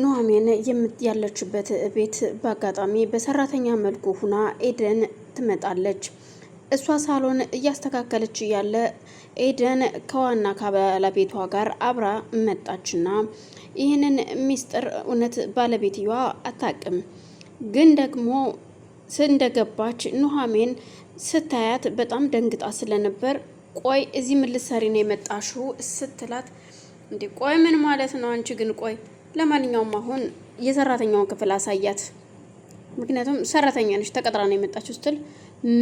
ኑሐሚን ያለችበት ቤት በአጋጣሚ በሰራተኛ መልኩ ሁና ኤደን ትመጣለች። እሷ ሳሎን እያስተካከለች ያለ ኤደን ከዋና ከባለቤቷ ጋር አብራ መጣችና ይህንን ሚስጥር እውነት ባለቤትየዋ አታውቅም፣ ግን ደግሞ ስንደገባች ኑሐሚን ስታያት በጣም ደንግጣ ስለነበር ቆይ እዚህ ምልሰሪ ልትሰሪ ነው የመጣሽው? ስትላት እንዲ ቆይ ምን ማለት ነው አንቺ ግን ቆይ ለማንኛውም አሁን የሰራተኛውን ክፍል አሳያት። ምክንያቱም ሰራተኛ ነች ተቀጥራ ነው የመጣችው ስትል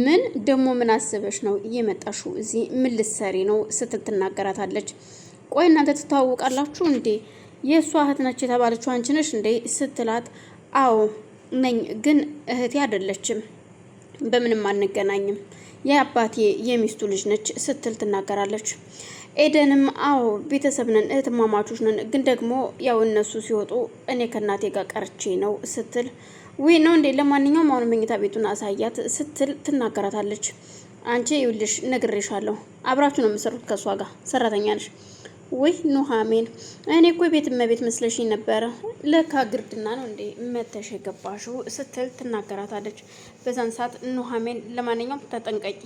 ምን ደግሞ ምን አስበሽ ነው እየመጣሹ እዚህ ምን ልትሰሪ ነው ስትል ትናገራታለች። ቆይ እናንተ ትተዋወቃላችሁ እንዴ? የእሷ እህት ነች የተባለችው አንቺ ነሽ እንዴ ስትላት፣ አዎ ነኝ፣ ግን እህቴ አይደለችም፣ በምንም አንገናኝም፣ የአባቴ የሚስቱ ልጅ ነች ስትል ትናገራለች። ኤደንም አዎ ቤተሰብ ነን፣ እህትማማቾች ነን፣ ግን ደግሞ ያው እነሱ ሲወጡ እኔ ከእናቴ ጋር ቀርቼ ነው ስትል ውይ ነው እንዴ ለማንኛውም አሁን መኝታ ቤቱን አሳያት ስትል ትናገራታለች። አንቺ ይውልሽ ነግሬሻለሁ፣ አብራችሁ ነው የምሰሩት ከእሷ ጋር ሰራተኛ ነሽ ውይ ኑሐሜን። እኔ እኮ ቤት እመቤት መስለሽኝ ነበረ፣ ለካ ግርድና ነው እንዴ መተሽ የገባሽው ስትል ትናገራታለች። በዛን ሰዓት ኑሐሜን ለማንኛውም ተጠንቀቂ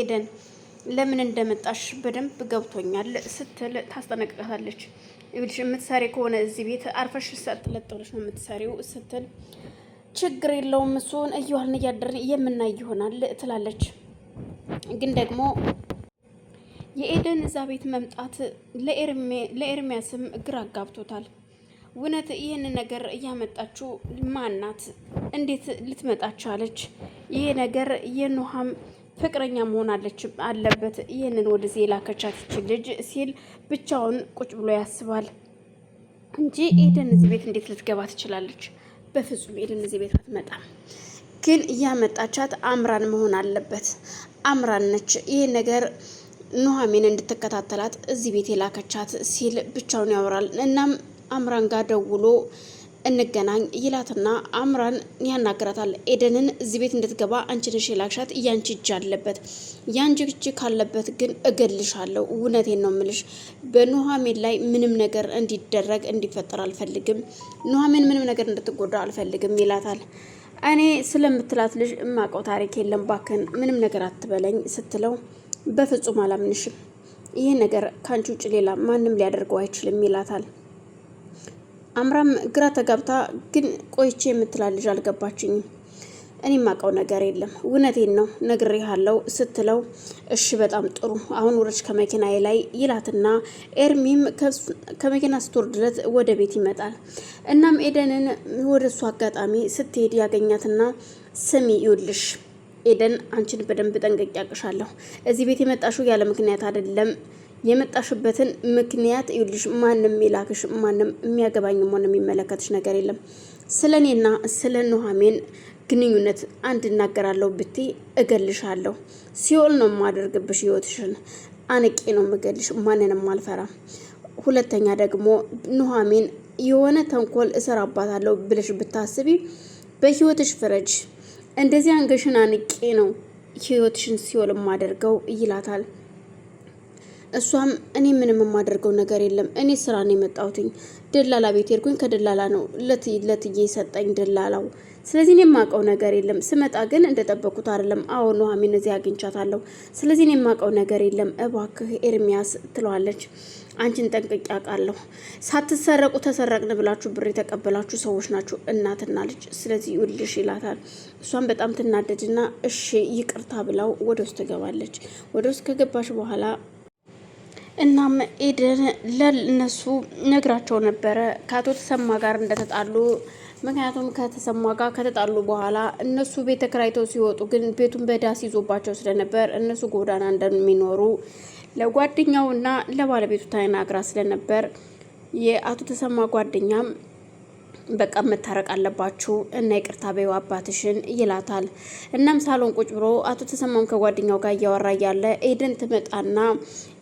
ኤደን ለምን እንደመጣሽ በደንብ ገብቶኛል ስትል ታስጠነቅቃታለች። ይኸውልሽ የምትሰሪ ከሆነ እዚህ ቤት አርፈሽ ሰጥለጥ ብለሽ ነው የምትሰሪው ስትል ችግር የለውም እሱን እየዋልን እያደር የምናይ ይሆናል ትላለች። ግን ደግሞ የኤደን እዛ ቤት መምጣት ለኤርሚያስም ግራ አጋብቶታል። እውነት ይህን ነገር እያመጣችው ማናት? እንዴት ልትመጣ አለች? ይሄ ነገር የኑሃም ፍቅረኛ መሆን አለበት ይህንን ወደዚህ የላከቻት ይችል ልጅ ሲል ብቻውን ቁጭ ብሎ ያስባል እንጂ ኤደን እዚህ ቤት እንዴት ልትገባ ትችላለች? በፍጹም ኤደን እዚህ ቤት አትመጣም። ግን እያመጣቻት አምራን መሆን አለበት። አምራን ነች ይህ ነገር ኑሐሚን እንድትከታተላት እዚህ ቤት የላከቻት ሲል ብቻውን ያወራል። እናም አምራን ጋር ደውሎ እንገናኝ ይላትና አምራን ያናግራታል። ኤደንን እዚህ ቤት እንድትገባ አንቺ ነሽ የላክሻት፣ ያንቺ እጅ አለበት። ያንቺ እጅ ካለበት ግን እገልሻለሁ። እውነቴን ነው ምልሽ። በኑሐሚን ላይ ምንም ነገር እንዲደረግ እንዲፈጠር አልፈልግም። ኑሐሚን ምንም ነገር እንድትጎዳ አልፈልግም ይላታል። እኔ ስለምትላት ልጅ እማቀው ታሪክ የለም፣ ባክን ምንም ነገር አትበለኝ ስትለው በፍጹም አላምንሽም። ይህ ነገር ከአንቺ ውጭ ሌላ ማንም ሊያደርገው አይችልም ይላታል። አምራም ግራ ተጋብታ ግን ቆይቼ የምትላ ልጅ አልገባችኝም። እኔ የማውቀው ነገር የለም እውነቴን ነው ያለው ስትለው እሺ በጣም ጥሩ አሁን ውረች ከመኪናዬ ላይ ይላትና ኤርሚም ከመኪና ስትወርድለት ወደ ቤት ይመጣል። እናም ኤደንን ወደ እሱ አጋጣሚ ስትሄድ ያገኛትና ስሚ ይውልሽ ኤደን አንቺን በደንብ ጠንቀቅ ያቅሻለሁ። እዚህ ቤት የመጣሽው ያለ ምክንያት አይደለም የመጣሽበትን ምክንያት ይልሽ ማንም የሚላክሽ ማንም የሚያገባኝም ሆነ የሚመለከትሽ ነገር የለም። ስለ እኔና ስለ ኑሐሚን ግንኙነት አንድ እናገራለሁ ብቴ እገልሻለሁ። ሲኦል ነው የማደርግብሽ። ህይወትሽን አንቄ ነው የምገልሽ። ማንንም አልፈራም። ሁለተኛ ደግሞ ኑሐሚን የሆነ ተንኮል እሰራባታለሁ ብለሽ ብታስቢ በህይወትሽ ፍረጅ። እንደዚህ አንገሽን አንቄ ነው ህይወትሽን ሲኦል የማደርገው ይላታል። እሷም እኔ ምንም የማደርገው ነገር የለም፣ እኔ ስራ ነው የመጣሁትኝ። ደላላ ቤት ሄድኩኝ፣ ከደላላ ነው ለትዬ ሰጠኝ ደላላው። ስለዚህ እኔ የማውቀው ነገር የለም። ስመጣ ግን እንደጠበቁት አይደለም። አዎ ኑሐሚን እዚህ አግኝቻታለሁ። ስለዚህ እኔ የማውቀው ነገር የለም፣ እባክህ ኤርሚያስ ትለዋለች። አንቺን ጠንቅቄ አውቃለሁ። ሳትሰረቁ ተሰረቅን ብላችሁ ብር የተቀበላችሁ ሰዎች ናችሁ እናትና ልጅ፣ ስለዚህ ውልሽ ይላታል። እሷም በጣም ትናደድና እሺ ይቅርታ ብላው ወደ ውስጥ ትገባለች። ወደ ውስጥ ከገባች በኋላ እናም ኤደን ለእነሱ ነግራቸው ነበረ ከአቶ ተሰማ ጋር እንደተጣሉ። ምክንያቱም ከተሰማ ጋር ከተጣሉ በኋላ እነሱ ቤት ተከራይተው ሲወጡ ግን ቤቱን በዳስ ይዞባቸው ስለነበር እነሱ ጎዳና እንደሚኖሩ ለጓደኛው ለጓደኛውና ለባለቤቱ ተናግራ ስለነበር የአቶ ተሰማ ጓደኛም በቃ መታረቅ አለባችሁ እና ይቅርታ በይው አባትሽን ይላታል። እናም ሳሎን ቁጭ ብሎ አቶ ተሰማም ከጓደኛው ጋር እያወራ ያለ ኤደን ትመጣና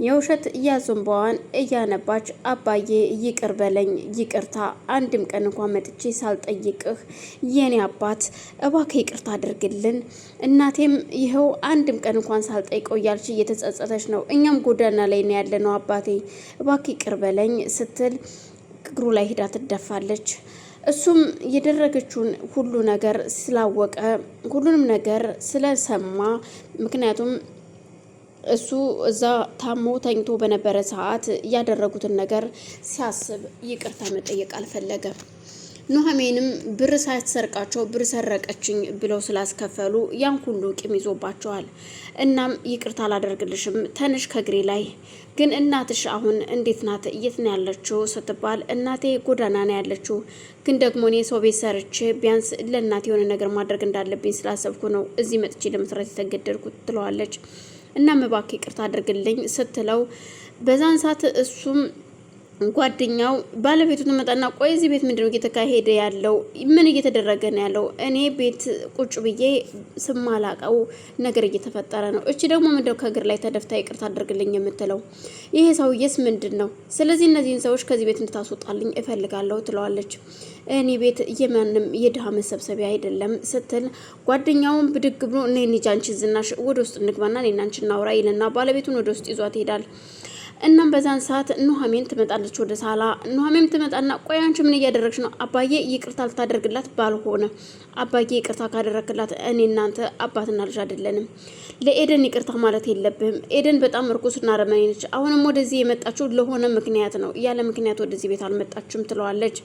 የውሸት እያዞንባዋን እያነባች አባዬ ይቅር በለኝ ይቅርታ፣ አንድም ቀን እንኳ መጥቼ ሳልጠይቅህ የኔ አባት እባክህ ይቅርታ አድርግልን፣ እናቴም ይኸው አንድም ቀን እንኳን ሳልጠይቀው እያልች እየተጸጸተች ነው። እኛም ጎዳና ላይ ነው ያለነው አባቴ እባክህ ይቅር በለኝ ስትል እግሩ ላይ ሂዳ ትደፋለች። እሱም የደረገችውን ሁሉ ነገር ስላወቀ ሁሉንም ነገር ስለሰማ ምክንያቱም እሱ እዛ ታሞ ተኝቶ በነበረ ሰዓት ያደረጉትን ነገር ሲያስብ ይቅርታ መጠየቅ አልፈለገም። ኑሐሚንም ብር ሳትሰርቃቸው ብር ሰረቀችኝ ብለው ስላስከፈሉ ያን ሁሉ ቂም ይዞባቸዋል። እናም ይቅርታ አላደርግልሽም ተንሽ ከግሬ ላይ ግን እናትሽ አሁን እንዴት ናት? የት ነው ያለችው? ስትባል እናቴ ጎዳና ነው ያለችው፣ ግን ደግሞ እኔ ሰው ቤት ሰርቼ ቢያንስ ለእናቴ የሆነ ነገር ማድረግ እንዳለብኝ ስላሰብኩ ነው እዚህ መጥቼ ለመስራት የተገደድኩት ትለዋለች። እናም እባክህ ይቅርታ አድርግልኝ ስትለው በዛን ሰዓት እሱም ጓደኛው ባለቤቱ ትመጣና ቆይ እዚህ ቤት ምንድነው እየተካሄደ ያለው? ምን እየተደረገ ነው ያለው? እኔ ቤት ቁጭ ብዬ ስማላቀው ነገር እየተፈጠረ ነው። እቺ ደግሞ ምንድነው ከእግር ላይ ተደፍታ ይቅርታ አድርግልኝ የምትለው? ይሄ ሰውዬስ ምንድን ነው? ስለዚህ እነዚህን ሰዎች ከዚህ ቤት እንድታስወጣልኝ እፈልጋለሁ ትለዋለች። እኔ ቤት የማንም የድሃ መሰብሰቢያ አይደለም ስትል ጓደኛውን ብድግ ብሎ እኔ ኒጃንቺ ዝናሽ ወደ ውስጥ እንግባና እኔና አንቺ እናውራ ይልና ባለቤቱን ወደ ውስጥ ይዟት ይሄዳል። እናም በዛን ሰዓት ኑሐሚን ትመጣለች ወደ ሳላ። ኑሐሚን ትመጣና ቆይ አንቺ ምን እያደረግሽ ነው? አባዬ ይቅርታ ልታደርግላት ባልሆነ አባዬ ይቅርታ ካደረግላት እኔ እናንተ አባትና ልጅ አይደለንም። ለኤደን ይቅርታ ማለት የለብህም። ኤደን በጣም እርኩስና ረመኔ ነች። አሁንም ወደዚህ የመጣችው ለሆነ ምክንያት ነው። ያለ ምክንያት ወደዚህ ቤት አልመጣችም ትለዋለች።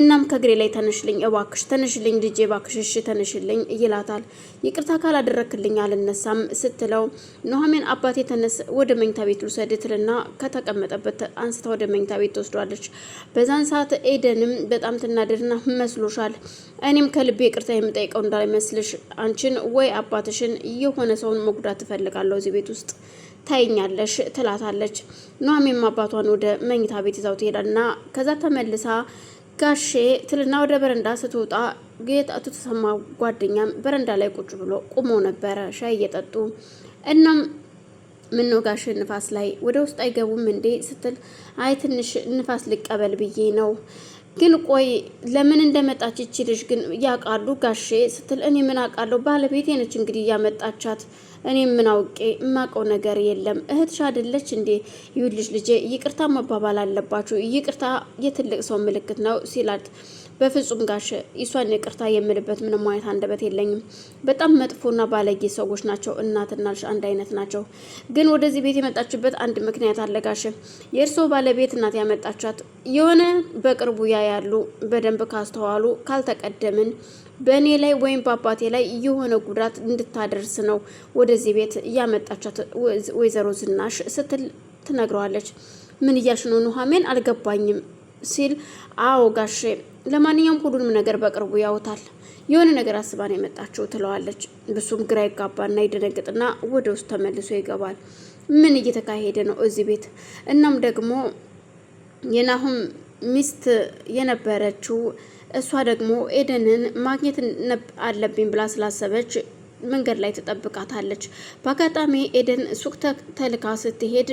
እናም ከእግሬ ላይ ተነሽልኝ፣ እባክሽ ተነሽልኝ፣ ልጄ እባክሽ፣ እሺ ተነሽልኝ ይላታል። ይቅርታ ካላደረክልኝ አልነሳም ስትለው ኑሐሚን አባቴ ተነስ፣ ወደ መኝታ ቤት ልውሰድ ትልና ከተቀመጠበት አንስታ ወደ መኝታ ቤት ትወስዷለች። በዛን ሰዓት ኤደንም በጣም ትናደድና መስሎሻል፣ እኔም ከልቤ ይቅርታ የምጠይቀው እንዳይመስልሽ አንቺን ወይ አባትሽን የሆነ ሰውን መጉዳት ትፈልጋለሁ እዚህ ቤት ውስጥ ታይኛለሽ ትላታለች። ኑሐሚንም አባቷን ወደ መኝታ ቤት ይዛው ትሄዳልና ከዛ ተመልሳ ጋሼ ትልና ወደ በረንዳ ስትወጣ አቶ ተሰማ ጓደኛም በረንዳ ላይ ቁጭ ብሎ ቁሞ ነበረ ሻይ እየጠጡ። እናም ምነው ጋሼ ንፋስ ላይ ወደ ውስጥ አይገቡም እንዴ ስትል አይ ትንሽ ንፋስ ልቀበል ብዬ ነው ግን ቆይ ለምን እንደመጣች ይቺ ልጅ ግን ያውቃሉ ጋሼ ስትል እኔ ምን አውቃለሁ፣ ባለቤቴ ነች እንግዲህ እያመጣቻት እኔ ምን አውቄ የማውቀው ነገር የለም። እህትሽ አይደለች እንዴ? ይኸውልሽ ልጄ ይቅርታ መባባል አለባችሁ። ይቅርታ የትልቅ ሰው ምልክት ነው ሲላት በፍጹም ጋሽ ይሷን ይቅርታ የምልበት ምንም አይነት አንደበት የለኝም። በጣም መጥፎና ባለጌ ሰዎች ናቸው። እናትና ልጅ አንድ አይነት ናቸው። ግን ወደዚህ ቤት የመጣችበት አንድ ምክንያት አለ ጋሽ። የእርስዎ ባለቤት እናት ያመጣቻት የሆነ በቅርቡ ያ ያሉ በደንብ ካስተዋሉ ካልተቀደምን በእኔ ላይ ወይም በአባቴ ላይ የሆነ ጉዳት እንድታደርስ ነው ወደዚህ ቤት ያመጣቻት ወይዘሮ ዝናሽ ስትል ትነግረዋለች። ምን እያልሽ ነው ኑሐሚን? አልገባኝም ሲል አዎ ጋሼ፣ ለማንኛውም ሁሉንም ነገር በቅርቡ ያውታል። የሆነ ነገር አስባ ነው የመጣችው ትለዋለች። ብሱም ግራ ይጋባና ይደነግጥና ወደ ውስጥ ተመልሶ ይገባል። ምን እየተካሄደ ነው እዚህ ቤት? እናም ደግሞ የናሁም ሚስት የነበረችው እሷ ደግሞ ኤደንን ማግኘት አለብኝ ብላ ስላሰበች መንገድ ላይ ትጠብቃታለች። በአጋጣሚ ኤደን ሱቅ ተልካ ስትሄድ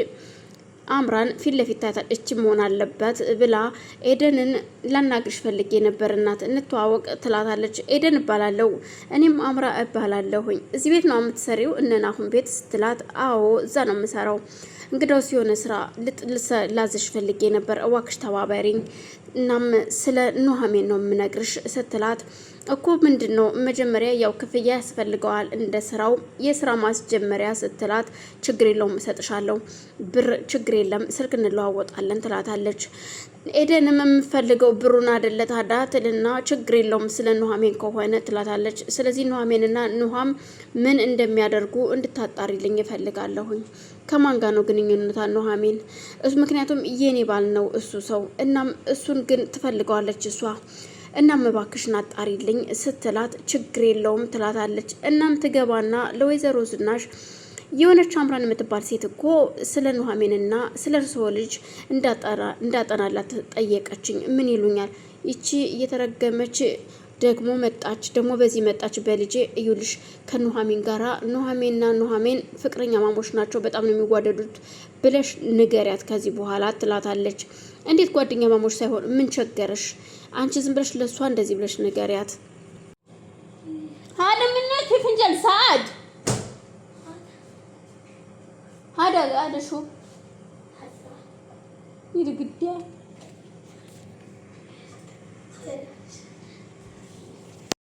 አምራን ፊት ለፊት ታያታል። እች መሆን አለበት ብላ ኤደንን ላናግርሽ ፈልጌ ነበር እናት እንተዋወቅ ትላታለች። ኤደን እባላለሁ እኔም አምራ እባላለሁኝ። እዚህ ቤት ነው የምትሰሪው እነናሁን ቤት ስትላት፣ አዎ እዛ ነው የምሰራው። እንግዳው ሲሆነ ስራ ላዘሽ ፈልጌ ነበር እዋክሽ ተባበሪኝ። እናም ስለ ኑሐሚን ነው የምነግርሽ ስትላት እኮ ምንድን ነው መጀመሪያ ያው ክፍያ ያስፈልገዋል እንደ ስራው የስራ ማስጀመሪያ ስትላት ችግር የለውም እሰጥሻለሁ ብር ችግር የለም ስልክ እንለዋወጣለን ትላታለች። ኤደንም የምፈልገው ብሩን አደለ ታዳ ትልና ችግር የለውም ስለ ኑሐሜን ከሆነ ትላታለች። ስለዚህ ኑሐሜንና ኑሐም ምን እንደሚያደርጉ እንድታጣሪልኝ እፈልጋለሁኝ። ከማን ጋር ነው ግንኙነታ ኑሐሜን? ምክንያቱም የኔ ባል ነው እሱ ሰው። እናም እሱን ግን ትፈልገዋለች እሷ እናም እባክሽን አጣሪልኝ ስትላት ችግር የለውም ትላታለች። እናም ትገባና ለወይዘሮ ዝናሽ የሆነች አምራን የምትባል ሴት እኮ ስለ ኑሐሚንና ስለ እርስዎ ልጅ እንዳጠናላት ጠየቀችኝ። ምን ይሉኛል? ይቺ እየተረገመች ደግሞ መጣች፣ ደግሞ በዚህ መጣች። በልጄ እዩልሽ ከኑሐሚን ጋራ ኑሐሚንና ኑሐሚን ፍቅረኛ ማሞች ናቸው፣ በጣም ነው የሚዋደዱት ብለሽ ንገሪያት ከዚህ በኋላ ትላታለች። እንዴት ጓደኛ ማሞች ሳይሆን ምን ቸገረሽ? አንቺ ዝም ብለሽ ለእሷ እንደዚህ ብለሽ ንገሪያት። ሀደ ምነት የፍንጀል ሰዓድ ሀደ አደሾ ይድግዳ